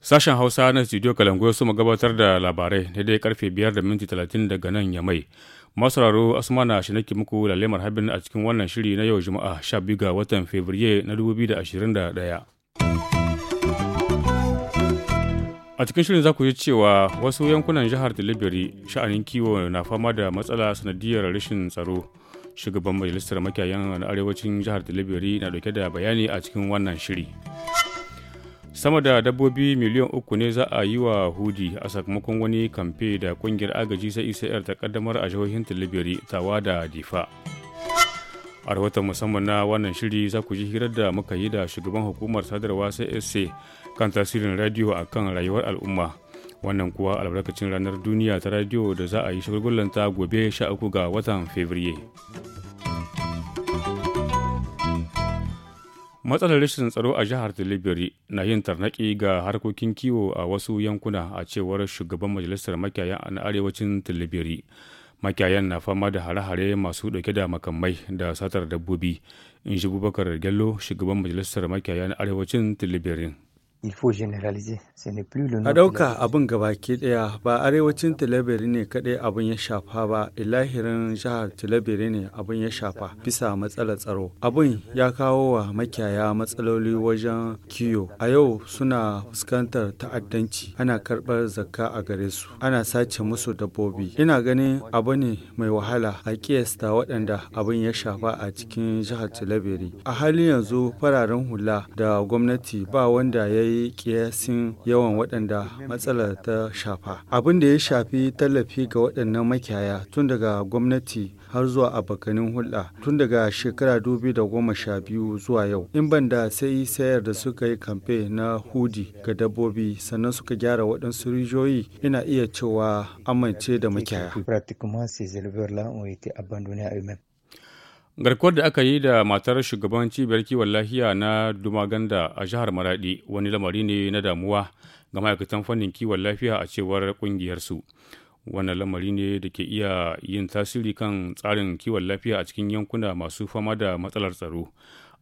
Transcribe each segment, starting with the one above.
Sashen Hausa na studio Kalangu su gabatar da labarai na dai karfe 5 da minti 30 daga nan ya mai. Masararo Asmana shi nake muku lalemar habin a cikin wannan shiri na yau Juma'a 12 ga watan Fabrairu na 2021. a cikin shirin za ku ji cewa wasu yankunan jihar Delivery sha'anin kiwo na fama da matsala sanadiyar rashin tsaro shugaban majalisar Makiyayen na arewacin jihar Delivery na dauke da bayani a cikin wannan shiri sama da dabbobi miliyan uku ne za a yi wa hudi a sakamakon wani kamfe da kungiyar agaji sai icr e ta kaddamar a jihohin Delivery tawa da difa a rahoton musamman na wannan shiri za ku ji hirar da muka yi da shugaban hukumar sadarwa csc kan tasirin radiyo a kan rayuwar al'umma wannan kuwa albarkacin ranar duniya ta radiyo da za a yi shagulgulanta gobe 13 ga watan fevriye matsalar rashin tsaro a jihar Tilibiri na yin tarnaki ga harkokin kiwo a wasu yankuna a cewar shugaban majalisar makiyayan na arewacin Tilibiri. makiyayan na fama da hare-hare masu dauke da makamai da satar dabbobi in shi bubakar gello shugaban majalisar makiyaya arewacin tilibirin A ɗauka abin gabaki ɗaya ba arewacin Tilaberi ne kaɗai abin ya shafa ba, ilahirin jihar Tilaberi ne abin ya shafa bisa matsalar tsaro. abun ya kawo wa makiyaya matsaloli wajen kiyo. A yau suna fuskantar ta'addanci, ana karɓar zakka a gare su, ana sace musu dabbobi. Ina ganin abu ne mai wahala a kiyasta waɗanda abin ya shafa a cikin jihar Tilaberi. A halin yanzu fararen hula da gwamnati ba wanda ya yi yi kiyasin yawan waɗanda matsalar ta shafa. Abin da ya shafi tallafi ga waɗannan makiyaya tun daga gwamnati har zuwa abokanin hulɗa tun daga shekara dubi da goma sha biyu zuwa yau. In ban da sai sayar da suka yi kamfe na hudi ga dabbobi sannan suka gyara waɗansu rijiyoyi ina iya cewa amince da makiyaya. garkuwar da aka yi da matar shugaban cibiyar kiwon lafiya na dumaganda a jihar maradi wani lamari ne na damuwa ga ma'aikatan fannin kiwon lafiya a cewar kungiyarsu wannan lamari ne da ke iya yin tasiri kan tsarin kiwon lafiya a cikin yankuna masu fama da matsalar tsaro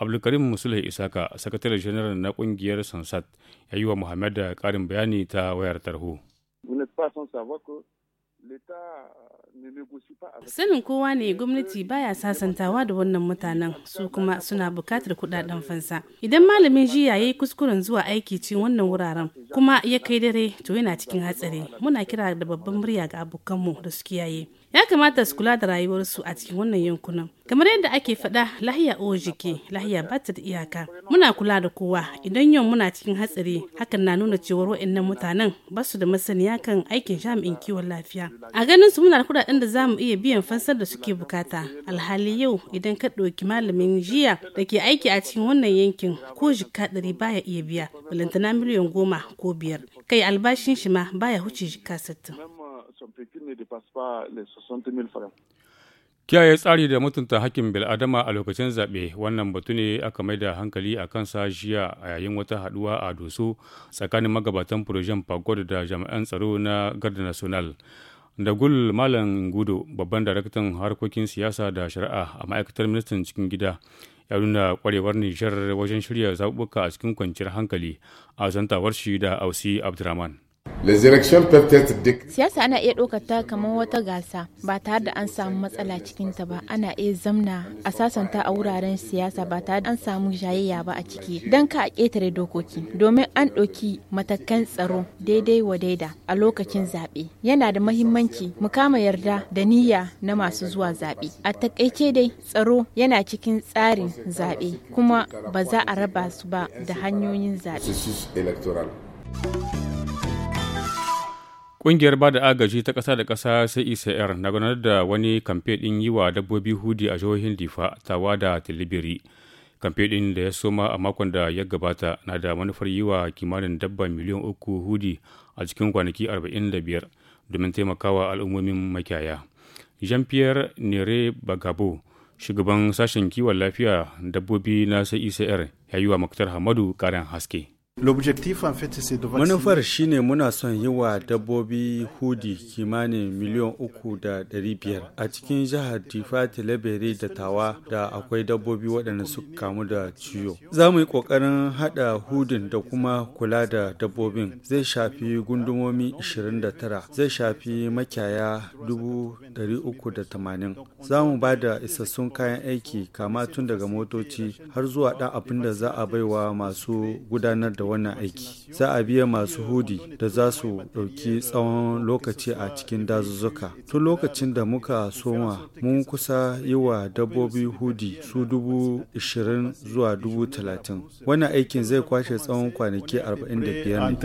abdulkarim musulai isaka sakatare janar na kungiyar sansat ya yi wa muhammad da karin bayani ta wayar tarho Euh, Sanin kowa ne gwamnati baya sasantawa da wannan mutanen su kuma suna bukatar kudaden fansa. Idan malamin jiya ya yi kuskuren zuwa aiki ci wannan wuraren kuma ya kai dare to yana cikin hatsari. Muna kira da babban murya ga abokanmu da su kiyaye. ya kamata su kula da rayuwarsu a cikin wannan yankunan kamar yadda ake faɗa lahiya o jike lahiya ba ta da iyaka muna kula da kowa idan yau muna cikin hatsari hakan na nuna cewar wa'annan mutanen ba su da masaniya kan aikin jami'in kiwon lafiya a ganin su muna da kuɗaɗen da za mu iya biyan fansar da suke bukata alhali yau idan ka ɗauki malamin jiya da ke aiki a cikin wannan yankin ko jika ɗari baya iya biya balantana miliyan goma ko biyar kai albashin shi ma baya huce jika sittin Kiyaye tsari da mutunta hakkin bil'adama a lokacin zaɓe wannan batu ne aka mai da hankali a kan jiya a yayin wata haɗuwa a doso tsakanin magabatan furojen pagod da jami'an tsaro na garda national. da gul malam gudo babban daraktan harkokin siyasa da shari'a a ma'aikatar ministan cikin gida ya nuna kwarewar nijar wajen shirya zaɓuɓɓuka a cikin kwanciyar hankali a zantawar shi da ausi abdurrahman Siyasa ana iya ɗaukar ta kamar wata gasa ba tare da an samu matsala cikin ta ba ana iya zamna a sasanta a wuraren siyasa ba tare da an samu jayayya ba a ciki don ka a ƙetare dokoki domin an ɗauki matakan tsaro daidai wa daida a lokacin zaɓe yana da mahimmanci mu kama yarda da niyya na masu zuwa zaɓe a taƙaice dai tsaro yana cikin tsarin zaɓe kuma ba za a raba su ba da hanyoyin zaɓe. Ƙungiyar ba da agaji ta ƙasa da ƙasa sai ICR e na gudanar da wani kamfe ɗin yi wa dabbobi hudi a jihohin Difa, Tawa da Tilibiri. Kamfe ɗin da ya soma a makon da ya gabata na da manufar yi wa kimanin dabba miliyan uku hudi a cikin kwanaki arba'in da biyar domin taimakawa al'ummomin makiyaya. Jean-Pierre Nere Bagabo, shugaban sashen kiwon lafiya dabbobi na sai ICR, e ya yi wa Muktar Hamadu ƙarin haske. Manufar shine muna son yi wa dabbobi hudi kimanin miliyan uku da ɗari biyar a cikin jihar Tifati Labere da Tawa da akwai dabbobi waɗanda suka kamu da ciwo. Za mu yi ƙoƙarin haɗa hudin da kuma kula da dabbobin zai shafi gundumomi 29 zai shafi makiyaya 380. Za mu ba da isassun kayan aiki kama tun daga motoci har zuwa ɗan abin da za a baiwa masu gudanar da wannan aiki za a biya masu hudi da za su ɗauki tsawon lokaci a cikin dazuzzuka tun lokacin da muka soma mun kusa yi wa dabbobi hudi su dubu ishirin zuwa dubu talatin wannan aikin zai kwashe tsawon kwanaki arba'in da biyar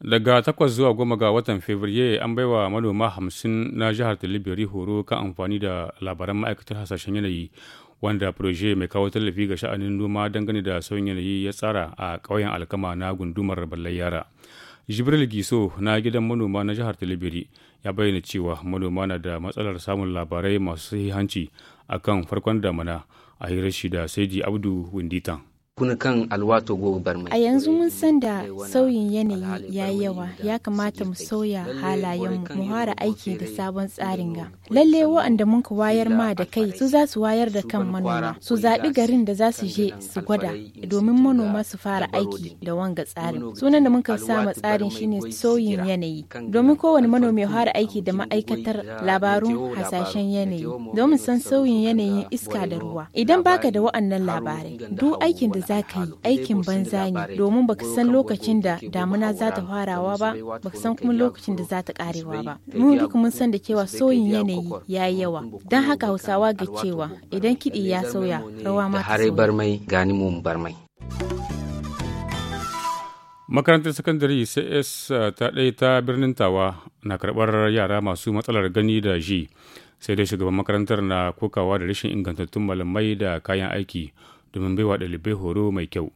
daga takwas zuwa goma ga watan fevrier an bai wa manoma hamsin na jihar tilibiri horo kan amfani da labaran ma'aikatar hasashen yanayi wanda proje mai kawo tallafi ga sha'anin noma dangane da sauyin yanayi ya tsara a ƙauyen alkama na gundumar ballar yara jibril giso na gidan manoma na jihar talibiri ya bayyana cewa manoma na da matsalar samun labarai masu sahihanci akan farkon damana a hirar da saidi abdu winditan kuna kan alwato bar mai. a yanzu mun san da sauyin yanayi ya yawa ya kamata mu sauya halayen mu fara aiki da sabon tsarin ga lalle wa'anda mun ka wayar ma da kai su za su wayar da kan manoma su zaɓi garin da za su je su gwada domin manoma su fara aiki da wanga tsarin sunan da mun ka sama tsarin shine sauyin yanayi domin kowane manomi ya fara aiki da ma'aikatar labarun hasashen yanayi domin san sauyin yanayin iska da ruwa idan baka da wa'annan labarai duk aikin da za ka yi aikin banza ne domin baka san lokacin da damuna za ta farawa ba baka san kuma lokacin da za ta karewa ba mun duka mun san da cewa sauyin yanayi ya yi yawa don haka hausawa ga cewa idan kiɗi ya sauya rawa ma ta sauya makarantar sakandare cs uh, ta ɗaya ta birnin tawa na karɓar yara masu matsalar gani da ji sai dai shugaban makarantar na kokawa da rashin ingantattun malamai da kayan aiki domin baiwa ɗalibai horo mai kyau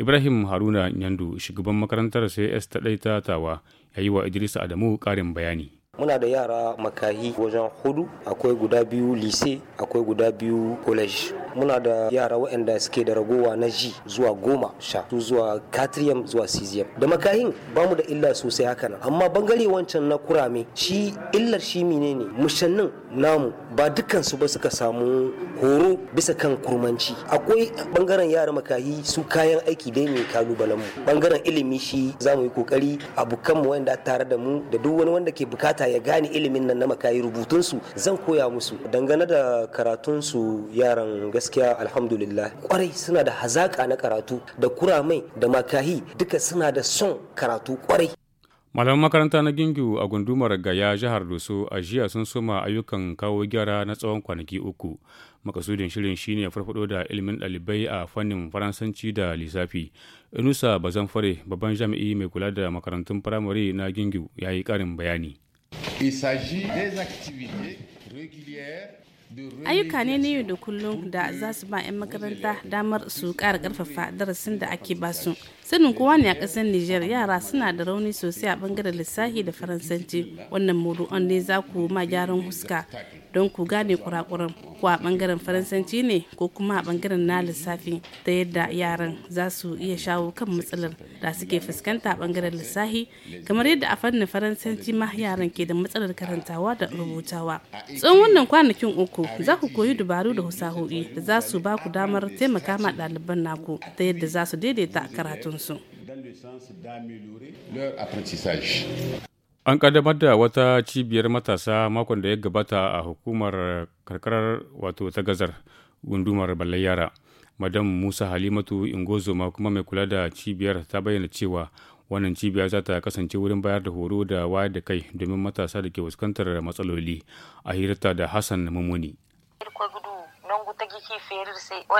ibrahim haruna nyandu shugaban makarantar cs ta tawa ya yi wa idrisu adamu ƙarin bayani muna da yara makahi wajen hudu akwai guda biyu lise akwai guda biyu college muna da yara waɗanda suke da ragowa na ji zuwa goma sha zuwa katriyam zuwa siziyam da makahin ba mu da illa sosai haka nan amma bangare wancan na kurame shi illar shi mine ne mushannin namu ba dukansu ba suka samu horo bisa kan kurmanci akwai bangaren yara makahi su kayan aiki dai ne kalubalen mu bangaren ilimi shi za mu yi kokari abokan mu wanda tare da mu da duk wani wanda ke bukata bukata ya gane ilimin nan na makayi su zan koya musu dangane da karatun su yaran gaskiya alhamdulillah kwarai suna da hazaka na karatu da kuramai da makahi duka suna da son karatu kwarai malaman makaranta na gingu a gundumar gaya jihar doso a jiya sun soma ayyukan kawo gyara na tsawon kwanaki uku makasudin shirin shine farfado da ilimin dalibai a fannin faransanci da lissafi inusa bazanfare babban jami'i mai kula da makarantun firamare na gingu ya yi ƙarin bayani Il s'agit des activités régulières ayyuka ne na yau da kullum da za su ba 'yan makaranta damar su kara karfafa darasin da ake ba su sanin kowa ne a ƙasar niger yara suna da rauni sosai a bangaren lissafi da faransanci wannan muru'an ne za ku ma gyaran huska don ku gane kurakuran ko a bangaren faransanci ne ko kuma a bangaren na lissafi ta yadda yaran za su iya shawo kan matsalar da suke fuskanta a bangaren lissafi kamar yadda a fannin faransanci ma yaran ke da matsalar karantawa da rubutawa tsawon wannan kwanakin uku za ku koyi dabaru da husaho'i da za su ba ku damar taimaka ma ɗaliban naku ta yadda za su daidaita karatunsu. An kaddamar da wata cibiyar matasa makon da ya gabata a hukumar karkarar wato ta gazar gundumar balle yara. Madam Musa Halimatu Ingozoma kuma mai kula da cibiyar ta bayyana cewa wannan cibiya za ta kasance wurin bayar da horo da wayar da kai domin matasa da ke fuskantar matsaloli a hirarta da hassan mumuni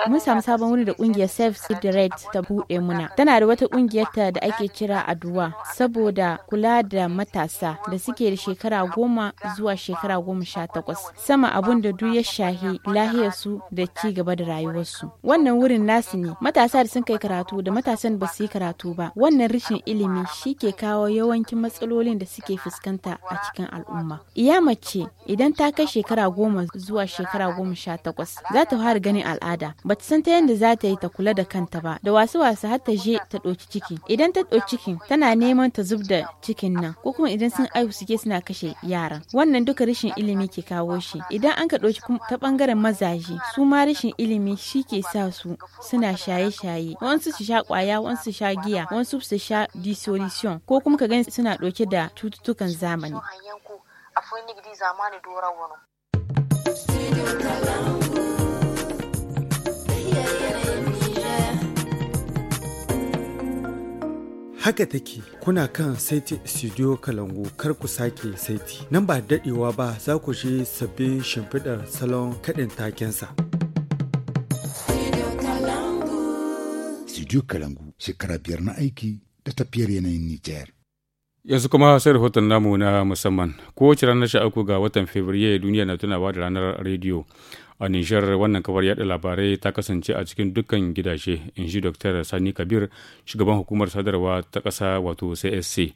Mun samu sabon wuri da kungiyar Save Save the Red ta bude muna. Tana da wata kungiyar ta da ake kira Aduwa saboda kula da matasa da suke da shekara goma zuwa shekara goma sha takwas. Sama abun da duk ya shahi lahiyar su da ci gaba da rayuwarsu. Wannan wurin nasu ne. Matasa da sun kai karatu da matasan ba su yi karatu ba. Wannan rashin ilimi shi ke kawo yawancin matsalolin da suke fuskanta a cikin al'umma. Iya mace idan ta kai shekara goma zuwa shekara goma sha takwas za zata ta fara ganin al'ada ba ta san ta yadda za ta yi ta kula da kanta ba da wasu wasu har ta je ta ɗauki ciki idan ta ɗauki ciki tana neman ta zub da cikin nan ko kuma idan sun aihu suke suna kashe yaran wannan duka rashin ilimi ke kawo shi idan an ka ɗauki ta ɓangaren mazaje su ma rashin ilimi shi ke sa su suna shaye-shaye wasu su sha ƙwaya wasu su sha giya wasu su sha disolution ko kuma ka gani suna ɗauke da cututtukan zamani. zamani doron wani. haka take kuna kan saiti studio kalangu kar ku sake saiti nan ba dadewa ba za ku je sabbin shimfiɗar salon kaɗin takensa. Studio Kalangu shekara biyar na aiki da tafiyar yanayin niger yanzu kuma sai rahoton namu na musamman kowace ranar sha'aku ga watan fevrier duniya na tunawa da ranar rediyo a nijar wannan kafar yaɗa labarai ta kasance a cikin dukkan gidaje in ji dr sani kabir shugaban hukumar sadarwa ta ƙasa wato csc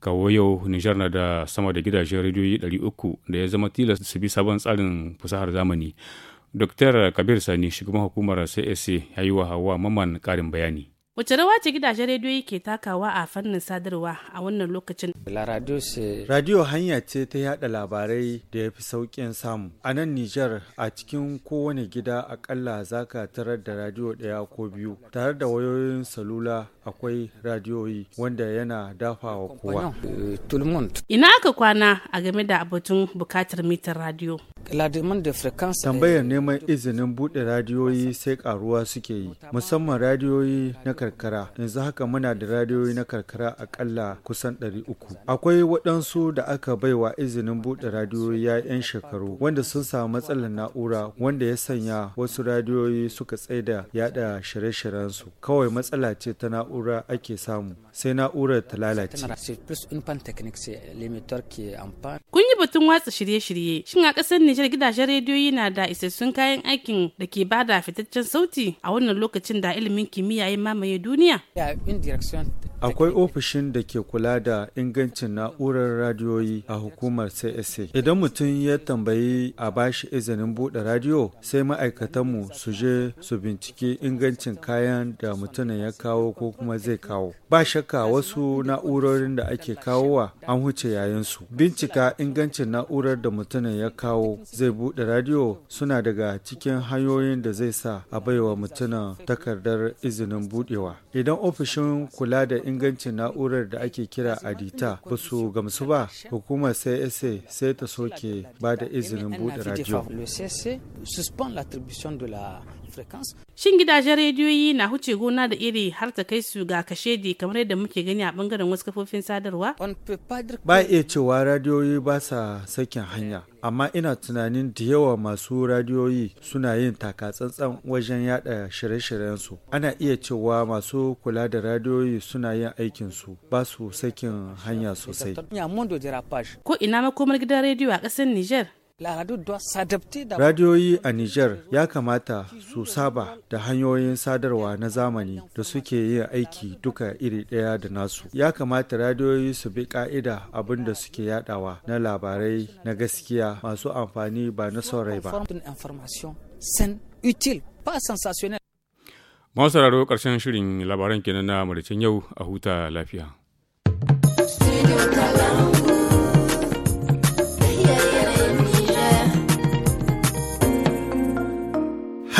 kawo yau nijar na da sama da gidajen rediyoyi 300 da ya zama tilas su bi sabon tsarin fasahar zamani dr kabir sani shugaban hukumar csc ya yi wa hawa maman ƙarin bayani Wace rawa ce gidajen rediyo ke takawa a fannin sadarwa a wannan lokacin? Radio hanya ce ta yada labarai da ya fi sauƙin samu. A nan Nijar a cikin kowane gida akalla za ka tarar da radio ɗaya ko biyu. Tare da wayoyin salula akwai radiyoyi wanda yana dafawa wa kowa. Ina aka kwana a game da abutun bukatar mitar radio. Eh, Tambayar neman izinin buɗe radiyoyi sai ƙaruwa suke yi, musamman radiyoyi na karkara. Yanzu haka muna da radiyoyi na karkara akalla kusan 300. Akwai waɗansu da aka baiwa izinin buɗe radiyoyi ya 'yan shekaru, wanda sun samu matsalar na'ura wanda ya sanya wasu radiyoyi suka tsaida yada shirye su Kawai matsala ce ta na'ura ake samu, sai na'urar ta lalace. Kun yi batun watsa shirye-shirye, shin a ƙasar Nijar gidajen rediyoyi na da isassun kayan aikin da ke bada fitaccen sauti a wannan lokacin da ilimin kimiyya ya mamaye duniya? Akwai ofishin da ke kula da ingancin na'urar radiyoyi a hukumar CSA. Idan mutum ya tambayi a bashi izinin buɗe radiyo, sai ma'aikatanmu su je su binciki ingancin kayan da mutumin ya kawo ko kuma zai kawo. Ba shakka wasu na'urorin da ake kawowa an huce su Bincika ingancin na'urar da mutumin ya kawo zai buɗe radiyo suna daga cikin hanyoyin da zai sa a baiwa mutumin takardar izinin buɗewa. Idan ofishin kula da ingancin na'urar da ake kira adita ba su gamsu ba hukumar css sai ta soke ba da izinin buɗe radio Shin gidajen rediyoyi na huce gona da iri har ta kai su ga kashedi kamar yadda muke gani a bangaren wasu kafofin sadarwa? Ba iya cewa radiyoyi ba sa sakin hanya, amma ina tunanin da yawa masu radiyoyi suna yin takatsantsan wajen yada shirye shiryen su Ana iya cewa masu kula da radiyoyi suna yin su ba su sakin hanya sosai. Ko ina makomar gidan rediyo a ƙasar Nijar? Radiyoyi a Nijar ya kamata su saba da hanyoyin sadarwa na zamani da suke yin aiki duka iri ɗaya da nasu. Ya kamata radiyoyi su bi ƙa'ida abin da suke yadawa na labarai na gaskiya masu amfani ba na saurai ba. Masu sauraro ƙarshen shirin labaran kenan na maricin yau a huta lafiya.